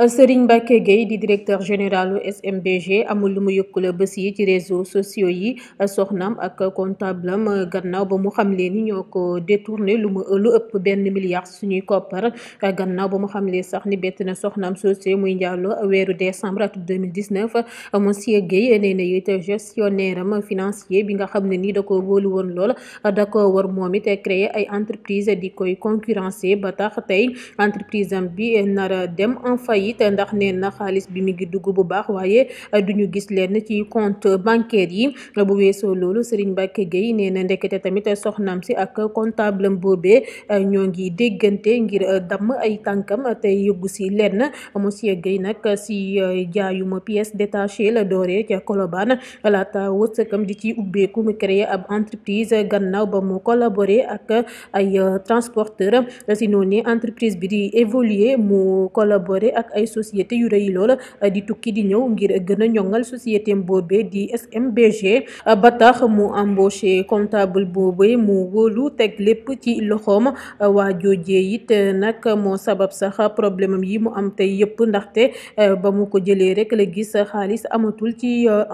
Euh, Serigne Mbacké Gueye di directeur général SMBG amul lu mu yëkkale bés yi ci réseaux sociaux yi euh, soxnaam ak comptable am euh, gannaaw ba mu xam leen ni ñoo ko détourné lu mu lu ëpp benn milliard suñuy koppar gannaaw ba mu xam leen sax ni bett na soxnaam soosé muy njàllo weeru décembre atum 2019 monsieur Gueye nee na it gestionnaire am financier bi nga xam ne nii da ko wóolu woon lool da ko war moom it créer ay entreprise di koy concurrencer ba tax tey entreprise am bi nara dem en faillite it ndax nee na xaalis bi mi ngi dugg bu baax waaye euh, duñu gis leen ci compte bancaire yi bu weesoo loolu Serigne ba Gueye nee na ndekete tamit soxnaam si ak comptable boobe euh, ñoo ngi déggante ngir euh, damm ay tànkam te yóbbu si lenn monsieur Gueye nag si jaayuma pièce détachée la dooree ca Colobane laata wërsëgam di ci ubbeeku mu créé ab entreprise gannaaw ba mu collaboré ak ay transporteur si noonu entreprise bi di évoluer mu collaboré ak ay société yu rëy lool eh, di tukki di ñëw ngir gën a ñoŋal société boobee di SMBG eh, ba tax mu embauché comptable boobee mu wóolu teg lépp ci loxoom eh, waa joojee it nag moo sabab sax problème am yi mu am tey yëpp ndaxte ba mu ko jëlee rek la gis xaalis amatul ci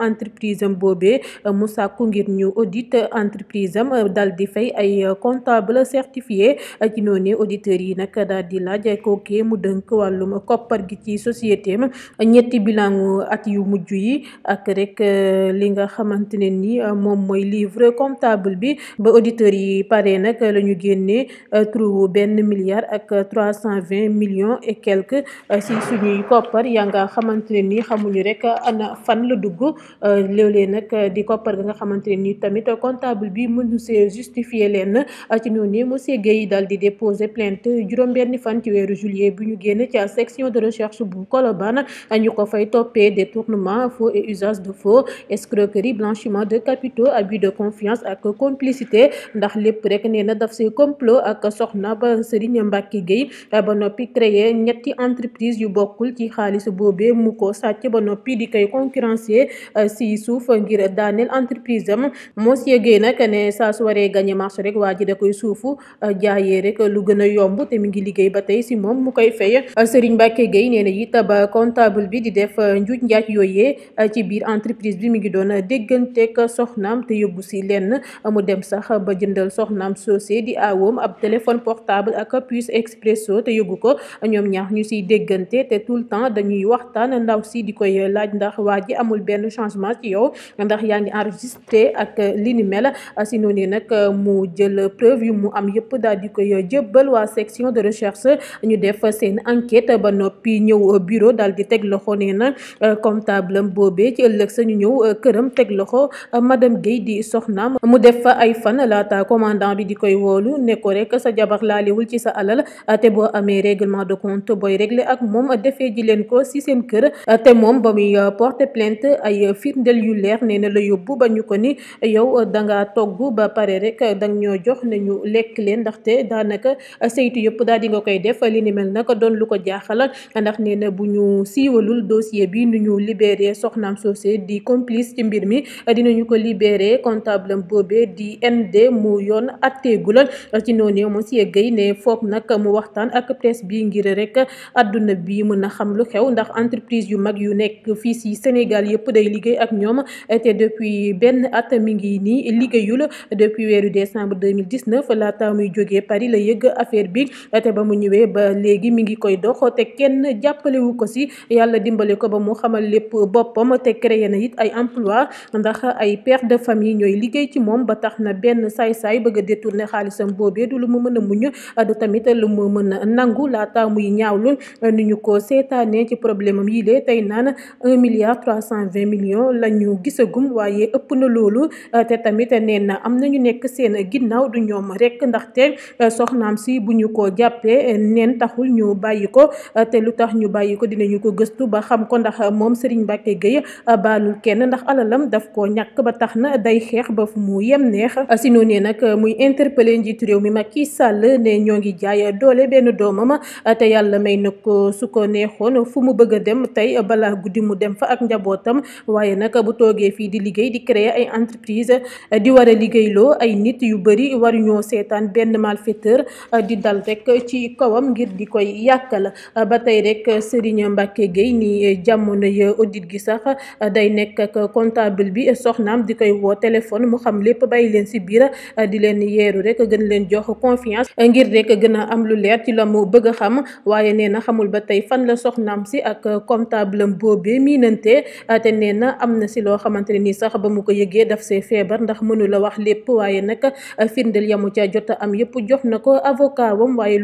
entreprise am boobee mu sàkku ngir ñu audit entreprise am dal di fay ay comptable certifié ci noonu yi nag daal di laaj kookee mu dënk wàllum koppar gi ci société am ñetti bilangu at yu mujj yi ak rek euh, li nga xamante ne ni euh, moom mooy livre comptable bi ba auditeurs yi pare nag lañu génne génnee euh, benn milliard ak trois cent vingt millions et quelques si suñuy koppar yaa nga xamante ne ni xamuñu rek ana fan la dugg léeg-léeg nag di koppar ga nga xamante ne ni tamit comptable bi mënu see justifier leen ci noonu ne monsieur Guèye daal di déposer plainte juróom-benn fan ci weeru juillet bi ñu génn ci section de recherche recherche bu Colobane ñu ko fay toppee détournement faux et usage de faux escroquerie blanchiment de capitaux abus de confiance ak complicité ndax lépp rek nee na daf see complot ak soxna ba Serigne Mbacke Gueye ba noppi créer ñetti entreprise yu bokkul ci xaalis boobee mu ko sàcc ba noppi di koy concurrencer euh, si suuf ngir daaneel entreprise am moo Gueye nag ne saa su waree gagné marché rek waa ji da koy suufu euh, jaayee rek lu gën a yomb te mi ngi liggéey ba tey si nee na itam comptable bi di def euh, njuuj njaaj yooyee euh, ci biir entreprise bi mu ngi doon a dégganteeg soxnaam te yóbbu si lenn euh, mu dem sax ba jëndal soxnaam soosé di awoom ab téléphone portable ak puce expresso te yóbbu ko ñoom ñaax ñu siy déggante te tout le temps dañuy waxtaan ndaw si di koy laaj ndax waa ji amul benn changement ci yow ndax yaa ngi enregistré ak li ni mel si noonu nag mu jël preuve yu mu am yëpp daal di koy jëbbal waa section de recherche ñëw euh, bureau daal di teg loxo nee na euh, comptable am boobee ci ëllëg sañu ñëw euh, këram teg loxo madame Guèye di soxnaam mu def fa ay fan laata commandant bi di koy woolu ne ko rek sa jabar laaliwul ci sa alal te boo amee règlement de compte booy réglé ak moom defee ji leen ko si seen kër te moom ba muy porter plainte ay firndeel yu leer nee na la yóbbu ba ñu ko ni yow danga togg ba pare rek dang ñoo jox ne ñu lekk leen ndaxte daanaka saytu yëpp daal di ndax nee na bu ñu siiwalul dossier bi nu ñu libéré soxnaam soosé di complice ci mbir mi dinañu ko libéré comptable boobee di ND mu yoon atteeguloon ci noonu monsieur Guèye ne foog nag mu waxtaan ak presse bi ngir rek adduna bi mën a xam lu xew ndax entreprise yu mag yu nekk fii si Sénégal yëpp day liggéey ak ñoom te depuis benn at mi ngi nii liggéeyul depuis weeru décembre 2019 laata muy jógee Paris la yëg affaire bi te ba mu ñëwee ba léegi mi ngi koy dox kenn jàppalewu ko si yàlla dimbale ko ba mu xamal lépp boppam te créé na it ay emploi ndax ay père de famille ñooy liggéey ci moom ba tax na benn saay-saay bëgg a détourner xaalisam boobee du lu mu mën a muñ du tamit lu mu mën a nangu laata muy ñaawlu nu ñu ko seetaanee ci problème am yii tey naan un milliard trois cent vingt millions la ñu gisagum waaye ëpp na loolu te tamit nee na am na ñu nekk seen ginnaaw du ñoom rekk ndax te soxnaam si bu ñu ko jàppee neen taxul ñu bàyyi tax tax ñu bàyyi ko dinañu ko gëstu ba xam ko ndax moom Serigne Mbacké Gueye euh, baalul kenn ndax alalam daf koo ñàkk ba tax na day xeex ba fu mu yem neex euh, si noonu nag euh, muy interpellé njiitu réew mi Macky Sall ne ñoo ngi jaay doole benn doomam te yàlla may na ko su ko neexoon fu mu bëgg a dem tey balaa guddi mu dem fa ak njabootam waaye nag bu toogee fii di liggéey di créer ay entreprise di war a liggéeyloo ay nit yu bëri waruñoo seetaan benn malfaiteur di dal rek ci kawam ngir di koy yàkkal ba tey rek rek Serigne Mbacke Gueye ni eh, jamono audit gi sax eh, day nekk ak comptable bi eh, soxnaam di koy woo téléphone mu xam lépp bàyyi leen si biir di leen yeeru rek gën leen jox confiance ngir rek gën a am lu leer ci la mu bëgg a xam waaye nee na xamul ba tey fan la soxnaam si ak comptable am boobee miinante te nee na am na si loo xamante ne nii sax ba mu ko yëgee daf see feebar ndax mënula wax lépp waaye nag firndeel yamu ca jot am yëpp jox na ko avocat wam waaye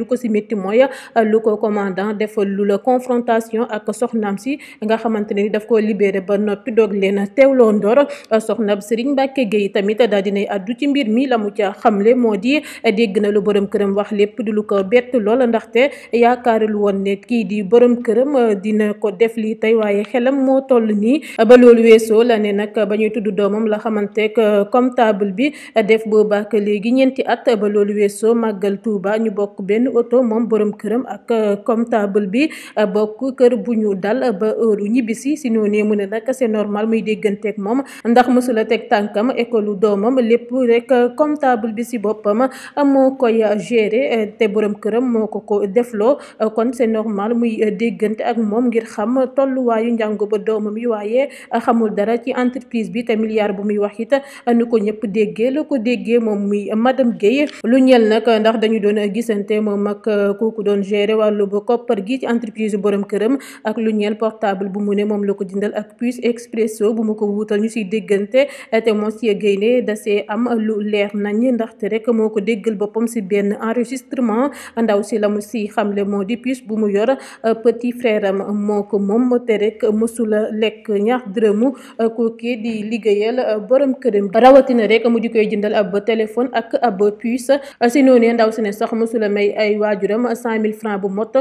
confrontation ak soxnaam si nga xamante ne daf ko libéré ba noppi doog leen teewloo ndor soxna Serigne Mbacke Gueye tamit daal dinay addu ci mbir mi la mu ca xamle moo di dégg na lu borom këram wax lépp di ko bett lool ndaxte yaakaarul woon ne kii di borom këram dina ko def lii tey waaye xelam moo toll nii ba loolu weesoo la ne nag ba ñuy tudd doomam la xamante euh, comptable bi def boobaak léegi ñeenti at ba loolu weesoo màggal Touba ñu bokk benn oto moom borom këram ak euh, comptable bi Euh, bokk kër bu ñu dal euh, ba heure ñibbisi si noonee mu ne nag c'est normal muy dégganteeg moom ndax mësula teg tànkam école doomam lépp rek euh, comptable bi si boppam moo koy gérer te borom këram moo ko ko defloo kon c'est normal muy déggante ak moom ngir xam tolluwaayu njàngu ba doomam yi waaye xamul dara ci entreprise bi te bu muy wax it ko ñëpp déggee ko déggee moom muy madame Guèye lu ñel nag ndax dañu doon gisante moom ak kooku doon gérer wàllu ba koppar gi ci entreprise surprise borom këram ak lu ñeel portable bu mu ne moom la ko jëndal ak puce expresso bu ma ko wutal ñu siy déggante te monsieur Guèye dasee am lu leer nañ ndaxte rek moo ko déggal boppam si benn enregistrement ndaw si la mu si xamle moo di puce bu mu yor petit frère am moo ko moom te rek mësula lekk ñaar dërëmu kooki di liggéeyal borom këram rawatina rek mu di koy jëndal ab téléphone ak ab puce si noonee ndaw si ne sax mësula may ay waajuram cent mille francs bu mot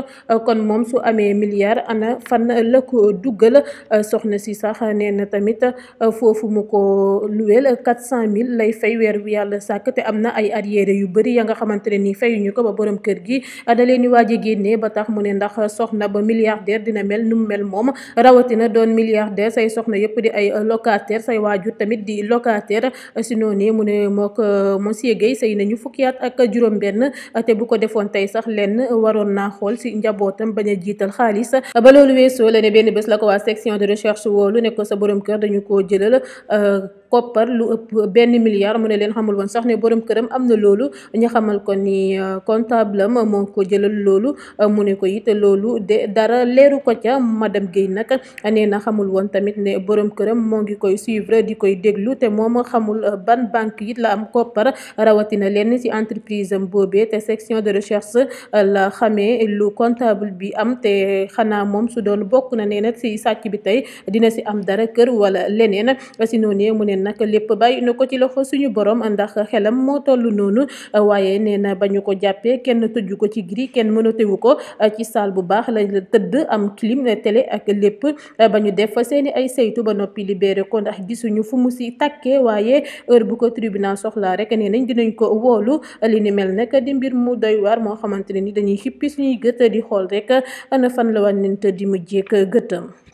kon moom su amee milliard ana fan la ko duggal soxna si sax nee na tamit foofu mu ko luweel quatre cent mille lay fay weer wi yàlla sàkk am na ay arriéré yu bëri ya nga xamante ne nii fayuñu ko ba kër gi da leen di waaj a génnee ba tax mu ne ndax soxna ba milliardaire dina mel nu mu mel moom rawatina doon milliardaire say soxna yëpp di ay locataire say waajur tamit di locataire si noonu mu ne moo ko monsieur Guèye say nañu fukki ak juróom-benn te bu ko defoon tey sax lenn waroon naa xool si njabootam bañ jiit jiital xaalis a loolu weesoo la ne benn bés la ko waa section de recherche woolu ne ko sa borom kër dañu koo jëlal euh, koppar lu ëpp benn milliard mu ne leen xamul woon sax ne borom këram am na loolu ñu xamal ko nii euh, comptable am moo ko jëlal loolu euh, mu ne ko it loolu de dara leeru ko ca madame Guèye nag nee na xamul woon tamit ne boroom këram moo ngi koy suivre di koy déglu te moom xamul euh, ban banque it la am koppar rawatina leen ci entreprise am boobee te section de recherche la xamee lu comptable bi am te xanaa moom su doon bokk na nee na ci sàcc bi tey dina si am dara kër wala leneen si noonu mu ne nag lépp bàyyi na ko ci loxo suñu borom ndax xelam moo toll noonu waaye nee na ba ñu ko jàppee kenn tëju ko ci gri kenn mënatewu ko ci salle bu baax la tëdd am clim télé ak lépp ba ñu def fa seeni ay saytu ba noppi libéré ko ndax gisuñu fu mu si tàkkee waaye heure bu ko tribunal soxlaa rek nee nañ dinañ ko woolu li ni mel nag di mbir mu doy waar moo xamante ne ni dañuy xippi suñuy gët di xool rek ana fan la wàññeent di mujjee gëtam.